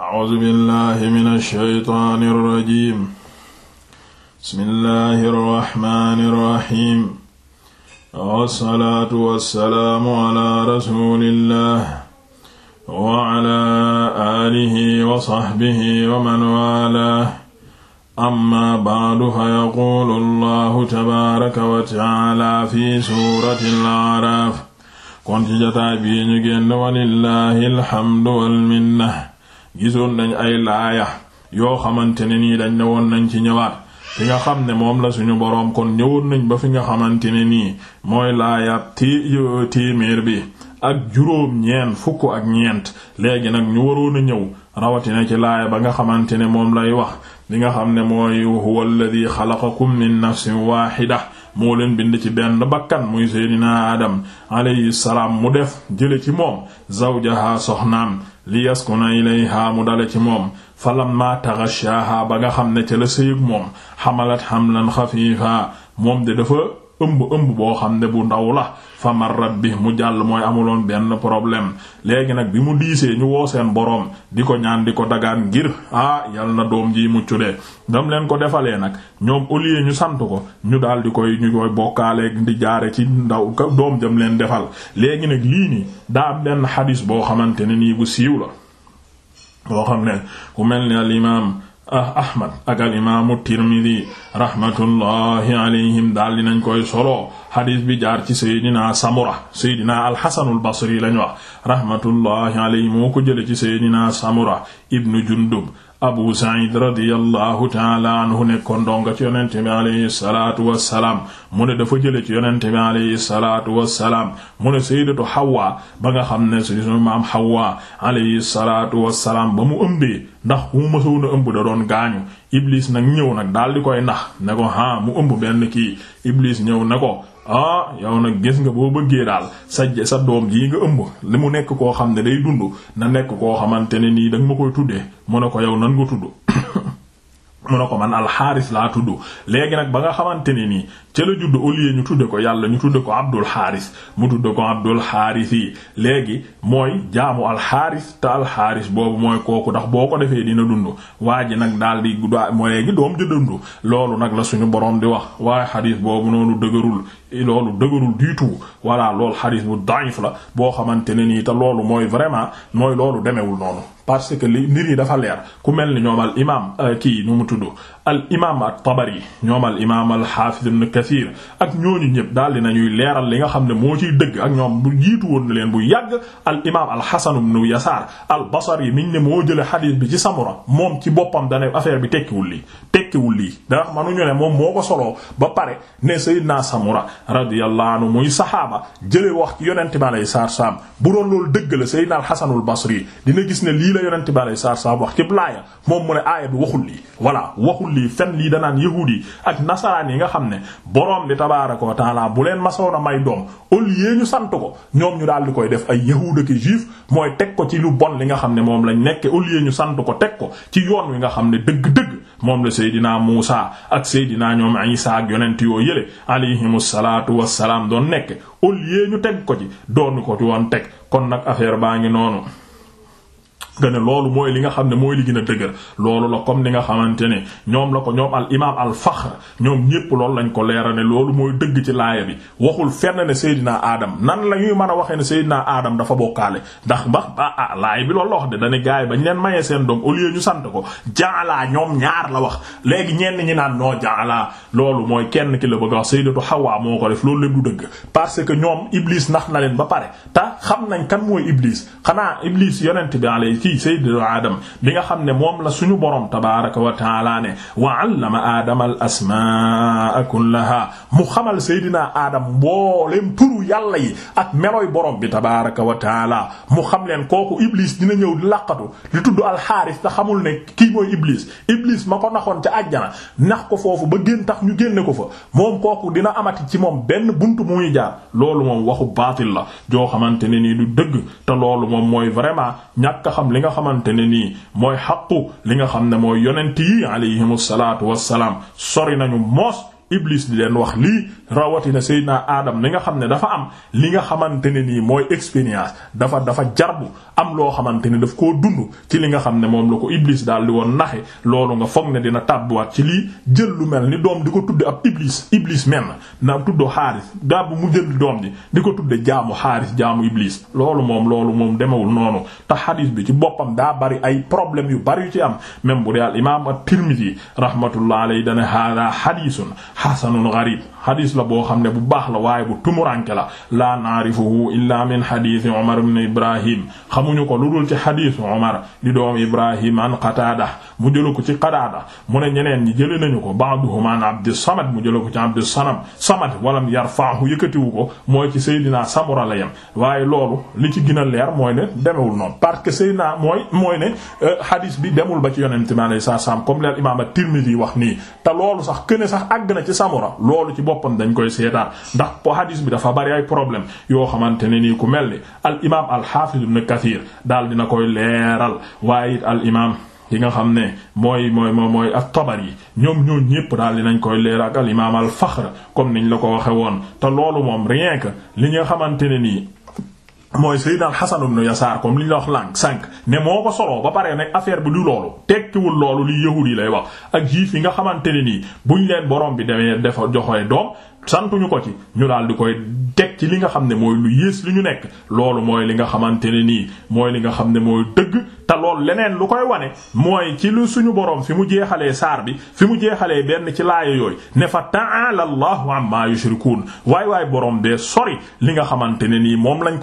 A'uuzu billaahi mina shaytaani rajiim. Bismillaahi rahmaani rahiim. Wassalaatu wassalaamu alaa rasuulillaah wa alaa aalihi wa sahbihi wa man waalaah. Ammaa ba'du fayaquulu Allaahu tabaaraka wa ta'aalaa fi suuratil A'raaf. Kon ci jotaay bi ñu génn, walillaahi alhamdu wal minna. gisoon nañ ay laaya yoo xamante ne nii dañ ne woon nañ ci ñëwaat fi nga xam ne moom la suñu boroom kon ñëwoon nañ ba fi nga xamante ne nii mooy laaya ti téeméer bi ak juróom ñeent fukk ak ñeent léegi nag ñu waroon a ñëw rawatina ci laaya ba nga xamante ne moom lay wax li nga xam ne mooy huwa alladi xalaqakum min nafsin waaxida moo leen bind ci benn bakkan muy seydina adam alayhi salaam mu def jële ci moom zawjaha soxnaam li yaskuna ilayha mu dale ci moom falamma taghashaha ba nga xam ne ca la sëyëg moom xamalat hamlan xafiifa moom de dafa ëmb ëmb boo xam ne bu ndaw la fa marrat bi mu jàll mooy amuloon benn problème léegi nag bi mu diisee ñu woo seen boroom di ko ñaan di ko dagaan ngir ah yal na doom ji mucc de dam leen ko defalee nag ñoom au lieu ñu sant ko ñu daal di koy ñu koy bokkaale di jaare ci ndaw doom jam leen defal léegi nag lii nii daa benn xadis boo xamante ne nii bu siiw la boo xam ne ku mel ni al Ah, ahmad ak al imaamu tirmidi rahmatullahi alayhim daal dinañ koy solo xadis bi jaar ci saydina samura saydina alxasanul basri lañ wax rahmatullahi alayhi moo ko jële ci saydina samura ibnu jundub abu sa'id radiyallahu taala anhu nekkoon ndonga ci yonente bi alayhi salaatu wassalaam mu ne dafa jële ci yonente bi alayhi salaatu wassalaam mu ne sayyidatu hawa ba nga xam ne suñu maam hawa alayhi salaatu salaam ba mu ëmbee ndax mu mësoon a ëmb da doon gaañu iblis nag ñëw nag daal di koy nax ne ko ha mu ëmb benn kii iblis ñëw ne ko ah yow nag gis nga boo bëggee daal sa sa doom jii nga ëmb li mu nekk koo xam ne day dund na nekk koo xamante ne nii danga ma koy tuddee mu ne ko yow nan nga tudd mu ne ko man alxaaris laa tudd léegi nag ba nga xamante ne nii ca la judd au ñu tudde ko yàlla ñu tudde ko abdul xaaris mu tudde ko abdul xaaris yi léegi mooy jaamu alxaaris te alxaaris boobu mooy kooku ndax boo ko defee dina dund waa ji nag daal di mooy léegi doom ju dund loolu nag la suñu borom di wax waaye xadiis boobu noonu dëgërul loolu dëgërul du tout voilà loolu xadis bu daif la boo xamante ne nii te loolu mooy vraiment mooy loolu demewul noonu parce que li mbir yi dafa leer ku mel ni ñoom imaam euh, kii nu mu tudd al imaam at-Tabari ñoom al imaam ak ñooñu ñëpp daal di ñuy leeral li nga xam ne moo ciy dëgg ak ñoom bu jiitu woon leen bu yàgg al imaam al-Hasan ibn Yasaar al-Basri miñ ne moo jëlee xadiis bi ci Samura moom ci boppam da ne affaire bi tekkiwul lii tekkiwul lii da wax manuñu ne moom moo ko soloo ba pare ne Sayyidina Samura radiyallahu anhu muy saxaaba jële wax ci yonent bi alayhi salaam bu doon loolu dëgg la Sayyidina al-Hasan al-Basri dina gis ne lii la yonent bi alayhi salaam wax ci laaya yi fen lii danaan yahuud yi ak nasaraan yi nga xam ne borom bi tabaaraka wa taala bu leen masoon a may doom au lieu ñu sant ko ñoom ñu daal di koy def ay yahuud ak juif mooy teg ko ci lu bon li nga xam ne moom lañ nekk au lieu ñu sant ko teg ko ci yoon wi nga xam ne dëgg-dëgg moom la Seydina Muusa ak Seydina ñoom Isa ak yonent yoo yële alayhimu salaatu wassalaam doon nekk au lieu ñu teg ko ci doonu ko ci woon teg kon nag affaire baa ngi noonu nga ne loolu mooy li nga xam ne mooy li gën a dëgër loolu la comme ni nga xamante ne ñoom la ko ñoom al imaam al Fakhr ñoom ñépp loolu lañ ko leera ne loolu mooy dëgg ci laaya bi waxul fenn ne Seydina Adam nan la ñuy mën a waxee ne Seydina Adam dafa bokkaale ndax mbax ah ah laaya bi loolu la wax de dañu gaay bañ leen mayee seen doom au lieu ñu sant ko jaalaa ñoom ñaar la wax léegi ñeen ñi naan noo jaalaa loolu mooy kenn ki la bëgg a wax Sayyidatu Hawa moo ko def loolu lépp du dëgg parce que ñoom Iblis nax na leen ba pare te xam nañ kan mooy Iblis kii sayyidina Adam bi nga xam ne moom la suñu borom tabaaraka wa taala ne wa 'allama Adama al asmaa kullaha mu xamal sayyidina Adam mbooleem turu yàlla yi ak melooy borom bi tabaaraka wa taala mu xam leen kooku Iblis dina ñëw di laqatu di tudd alxaaris te xamul ne kii mooy Iblis Iblis ma ko naxoon ca àjjana nax ko foofu ba génn tax ñu génne ko fa moom kooku dina amati ci moom benn buntu mu muy jaar loolu moom waxu baatil la joo xamante nii du dëgg te loolu li nga xamante ne nii mooy xaqu li nga xam ne mooy yonent yi alayhimu salaatu wassalaam sori nañu moos iblis di leen wax lii rawatina Seydina Adam li nga xam ne dafa am li nga xamante ne nii mooy expérience dafa dafa jarbu am loo xamante ne daf ko dund ci li nga xam ne moom la ko iblis daal di woon naxe loolu nga foog ne dina tàbbuwaat ci lii jël lu mel ni doom di ko tudde ab iblis iblis même na tudd xaaris daabu mu jël doom ji di ko tudde jaamu xaaris jaamu iblis loolu moom loolu moom demewul noonu te xadiis bi ci boppam daa bari ay problème yu bari yu ci am même bu dee al imaam at-Tirmidhi rahmatullah alayhi dana hada xadiisun xasanun gharib xadis la boo xam ne bu baax la waaye bu tumuranke la laa naarifuhu illa min xadisi omar ibn ibrahim xamuñu ko lu dul ci xadisu omar di doom ibrahim an qataada mu jëla ko ci qataada mu ne ñeneen ñi jële nañu ko ba'duhum an abdi samad mu jëla ko ci abdi sanam samad walam yarfaahu yëkkatiwu ko mooy ci seydina samura la yam waaye loolu li ci gën a leer mooy ne demewul noonu parce que seydina mooy mooy ne euh, xadis bi demul ba ci yonente mi alayhi salaam comme l'imam at-Tirmidhi wax nii te loolu sax këne sax àgg ci samura boppam dañ koy seetaat ndax po bi dafa bari ay problème yoo xamante ne nii ku mel ni al imaam al haafid ibn kathir daal dina koy leeral waaye it al imaam yi nga xam ne mooy mooy mooy mooy at yi ñoom ñoo ñépp daal dinañ koy leer ak al imaam al Fakhr comme niñ la ko waxe woon te loolu moom rien que li nga xamante nii. mooy Seydina Xasan ibn Yasaar comme li ñu wax lànk sànq ne moo ko soloo ba pare nag affaire bi du loolu tekkiwul loolu li yahuud yi lay wax ak juif yi nga xamante ne nii buñ leen boroom bi demee defa joxee doom santuñu ko ci ñu daal di koy teg ci li nga xam ne mooy lu yées li ñu nekk loolu mooy li nga xamante ne nii mooy li nga xam ne mooy dëgg te loolu leneen lu koy wane mooy ci lu suñu borom fi mu jeexalee saar bi fi mu jeexalee benn ci laaya yooyu ne fa ta'ala Allahu amma yushrikuun waay waay borom bee sori li nga xamante ne nii moom lañ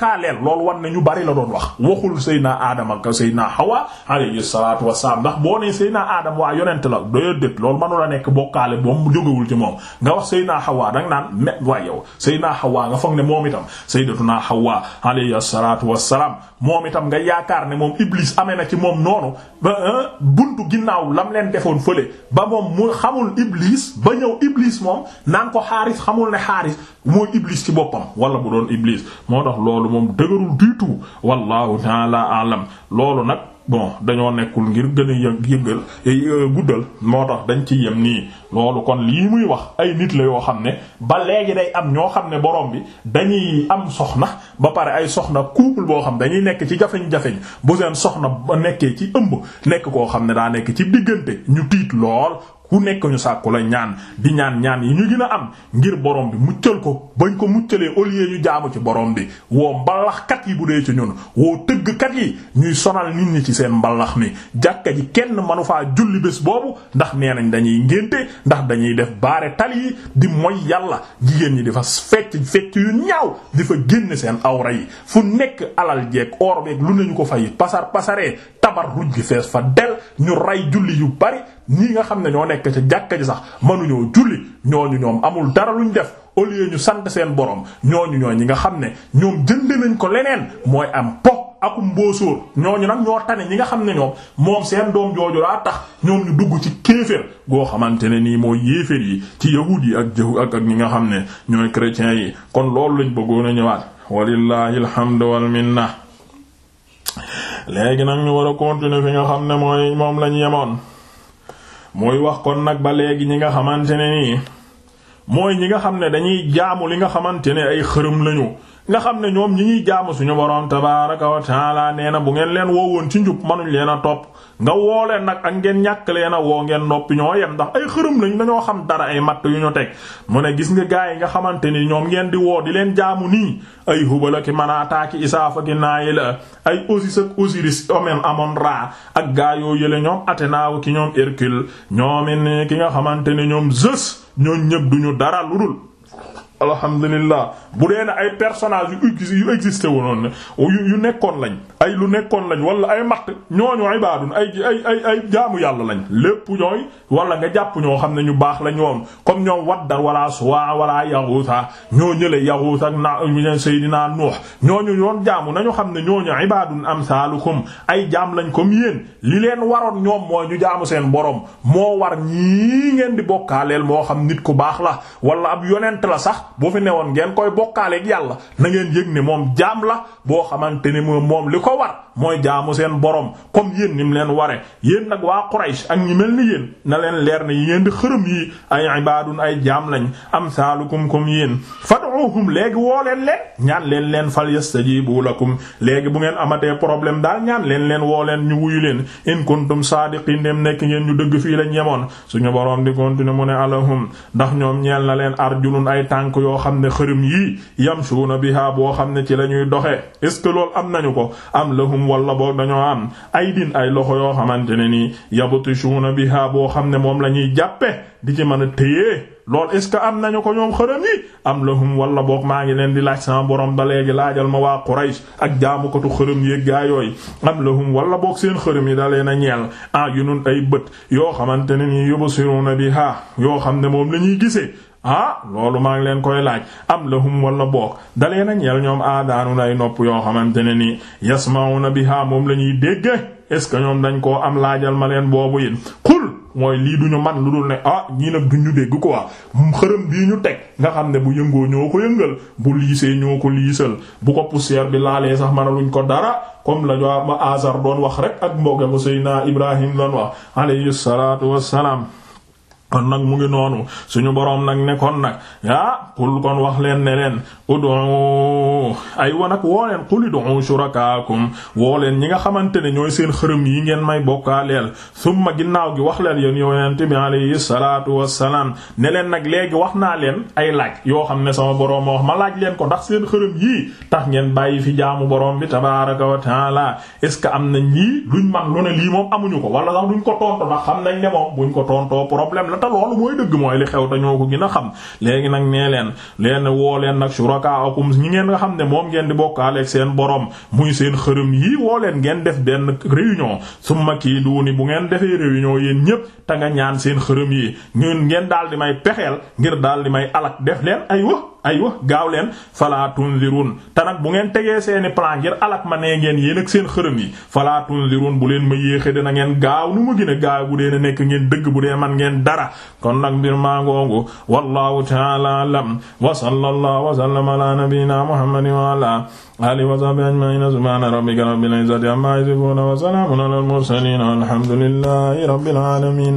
bokkaaleel loolu war na ñu bari la doon wax waxul Seydina Adama ak Seydina Hawa alayhi salaatu wassalaam ndax boo nee Seydina Adama waa yonent la déedéet loolu mënula nekk bokkaale moom jógewul ci moom nga wax Seydina Hawa danga naan me waay yow Seydina Hawa nga foog ne moom itam Sayyidatuna Hawa alayhi salaatu wassalaam moom itam nga yaakaar ne moom Iblis amee na ci moom noonu ba buntu ginnaaw lam leen defoon fële ba moom mu xamul Iblis ba ñëw Iblis moom naan ko xaaris xamul ne xaaris mooy Iblis ci boppam wala moom dëgërul du tout wallahu ta'ala alam loolu nag bon dañoo nekkul ngir gën a yëngal eh, euh, guddal moo tax dañ ci yem nii loolu kon lii muy wax ay nit la yoo xam ne ba léegi day am ñoo xam ne borom bi dañuy am soxna ba pare ay soxna couple boo xam dañuy nekk ci jafeñ-jafeñ bu seen soxna ba nekkee ci ëmb nekk koo xam ne daa nekk ci diggante ñu tiit lool ku nekkuñu ñu sàkku la ñaan di ñaan ñaan yi ñu gën a am ngir borom bi muccal ko bañ ko muccalee au lieu ñu jaamu ci borom bi woo mbalaxkat yi bu dee ci ñun woo tëggkat yi ñuy sonal nit ñi ci seen mbalax mi jàkka ji kenn manu faa julli bés boobu ndax nee nañ dañuy ngénte ndax dañuy def baare tali yi di moy yàlla jigéen ñi di fa fecc fecc yu ñaaw di fa génn seen awra yi fu nekk alal jeeg or beeg lu nañu ko fay pasar pasaree tabarruj gi fees fa del ñu rey julli yu bari ñii nga xam ne ñoo nekk ca jàkka ji sax mënuñoo julli ñu ñoom amul dara luñ def au lieu ñu sant seen borom ñu ñoo ñi nga xam ne ñoom jënd nañ ko leneen mooy am po akum mboosóor ñooñu nag ñoo tane ñi nga xam ne ñoom moom seen doom jooju laa tax ñoom ñu dugg ci kéeféer goo xamante ne nii mooy yéeféer yi ci yahuud yi ak jahu ak ñi nga xam ne ñooy chrétiens yi kon loolu lañ bëggoon a ñëwaat walillahi alhamdu wal léegi nag ñu war a continuer fi nga xam ne mooy moom lañ yemoon mooy wax kon nag ba léegi ñi nga xamante ne nii mooy ñi nga xam ne dañuy jaamu li nga xamante ne ay xërëm lañu nga xam ne ñoom ñi ñuy jaamu suñu boroom tabaaraka wa taala nee na bu ngeen leen woo woon ci njub manuñ leen a topp nga woo leen nag ak ngeen ñàkk leen a woo ngeen noppi ñoo yem ndax ay xërëm lañ dañoo xam dara ay matt yu ñu teg mu ne gis nga gaay yi nga xamante ni ñoom ngeen di woo di leen jaamu nii ay hubala ki manaata ki isaafa ki la ay Osis ak Osiris omen amoon ra ak gaa yoo yële ñoom Athéna ki ñoom Hercule ñoomin ki nga xamante ne ñoom Zeus ñoo ñëpp duñu dara ludul alhamdulillah bu dee ne ay personnages yu yu existé woon yu nekkoon lañ ay lu nekkoon lañ wala ay matt ñooñu ibaadun ay ay ay ay jaamu yàlla lañ lépp ñooy wala nga jàpp ñoo xam ne ñu baax la ñoom comme ñoom waddar wala suwa wala yaxuuta ñoo ñële yaxuuta ak na sayidina nuux ñooñu yoon jaamu nañu xam ne ñooñu ibaadun amsaalukum ay jaam lañ comme yéen li leen waroon ñoom mooy ñu jaamu seen borom moo war ñii ngeen di bokkaaleel moo xam nit ku baax la wala ab yonent la sax bu fi nee woon ngeen koy bokkaaleeg yàlla na ngeen yëg ne moom jaam la boo xamante ne moom li ko war mooy jaamu seen borom comme yéen nim leen ware yéen nag waa Quraysh ak ñi mel ni yéen na leen leer ne yi ngeen di xërëm yi ay ibaadun ay jaam lañ am saalukum comme yéen fa ud'uhum léegi woo leen leen ñaan leen leen fal yastajibu lakum léegi bu ngeen amatee problème daal ñaan leen leen woo leen ñu wuyu leen in kuntum saadiqin dem nekk ngeen ñu dëgg fii lañ yemoon suñu boroom di continuer mu ne alahum ndax ñoom ñeel na leen arjulun ay tànk yoo xam ne xërëm yii yamshuuna biha boo xam ne ci la ñuy doxee est ce que loolu am nañu ko am lahum wala boog dañoo am ay din ay loxo yoo xamante ne nii yabatishuuna biha boo xam ne moom la ñuy jàppe di loolu est ce que am nañu ko ñoom xërëm yi am lahum wala boog maa ngi leen di laaj sama boroom ba léegi laajal ma waa Quraysh ak jaamukatu xërëm yéeg gaa yooyu am lahum wala boog seen xërëm yi da leen a ñeel ayunun ah ay bët yoo xamante ne nii yubsiruna biha yoo xam ne moom la ñuy gisee ah loolu maa ngi leen koy laaj am lahum wala boog dalee na ñeel ñoom aadaanun nay nopp yoo xamante ne nii yasmauna biha moom la ñuy dégge est ce que ñoom dañ koo am laajal ma leen boobu yit mooy lii du ñu man lu dul ne ah ñii nag du ñu dégg quoi xërëm bii ñu teg nga xam ne bu yëngoo ñoo ko yëngal bu liisee ñoo ko liisal bu ko poussière bi laalee sax ma luñ ko dara comme la waa ma Azar doon wax rek ak mbokk ko Seydina Ibrahim doon wax alayhi salaatu wassalaam kon nag mu ngi noonu suñu boroom nag ne kon nag ah qul kon wax leen ne leen udu ay wa nag woo leen qul udu shurakaakum woo leen ñi nga xamante ne ñooy seen xërëm yi ngeen may bokkaaleel summa ginnaaw gi wax leen yéen yonent bi alayhi salaatu wassalaam ne leen nag léegi wax naa leen ay laaj yoo xam ne sama boroom ma laaj leen ko ndax seen xërëm yii tax ngeen bàyyi fi jaamu boroom bi tabaaraka wa taala est ce que am nañ ñii luñ man lu ne lii moom amuñu ko wala sax duñ ko tontu ndax xam nañ ne moom buñ ko tonto problème la te loolu mooy dëgg mooy li xew dañoo ko gën a xam léegi nag nee leen leen woo leen nag shurakaakum ñi ngeen nga xam ne moom ngeen di bokkaaleeg seen borom muy seen xërëm yii woo leen ngeen def benn réunion summa kii duuni bu ngeen defee réunion yéen ñépp tanga ñaan seen xërëm yi ñun ngeen daal di may pexeel ngir daal di may alak def leen ay wax aywa gaaw leen fala tunzirun te nag bu ngeen tegee seeni plan ngir alak ma nee ngeen yéen ak seen xërëm yi fala tunzirun bu leen ma yéexe dina ngeen gaaw nu ma gën a gaaw bu dee nekk ngeen dëgg bu dee man ngeen dara kon nag mbir maa ngoongu wallahu ta'ala a'lam wa sallallahu wa sallama ala nabiyyina muhammadin wa ala alihi wa sahbihi ajma'in subhana rabbika rabbil izzati amma yasifun wa salamun ala al mursalin walhamdulillahi rabbil alamin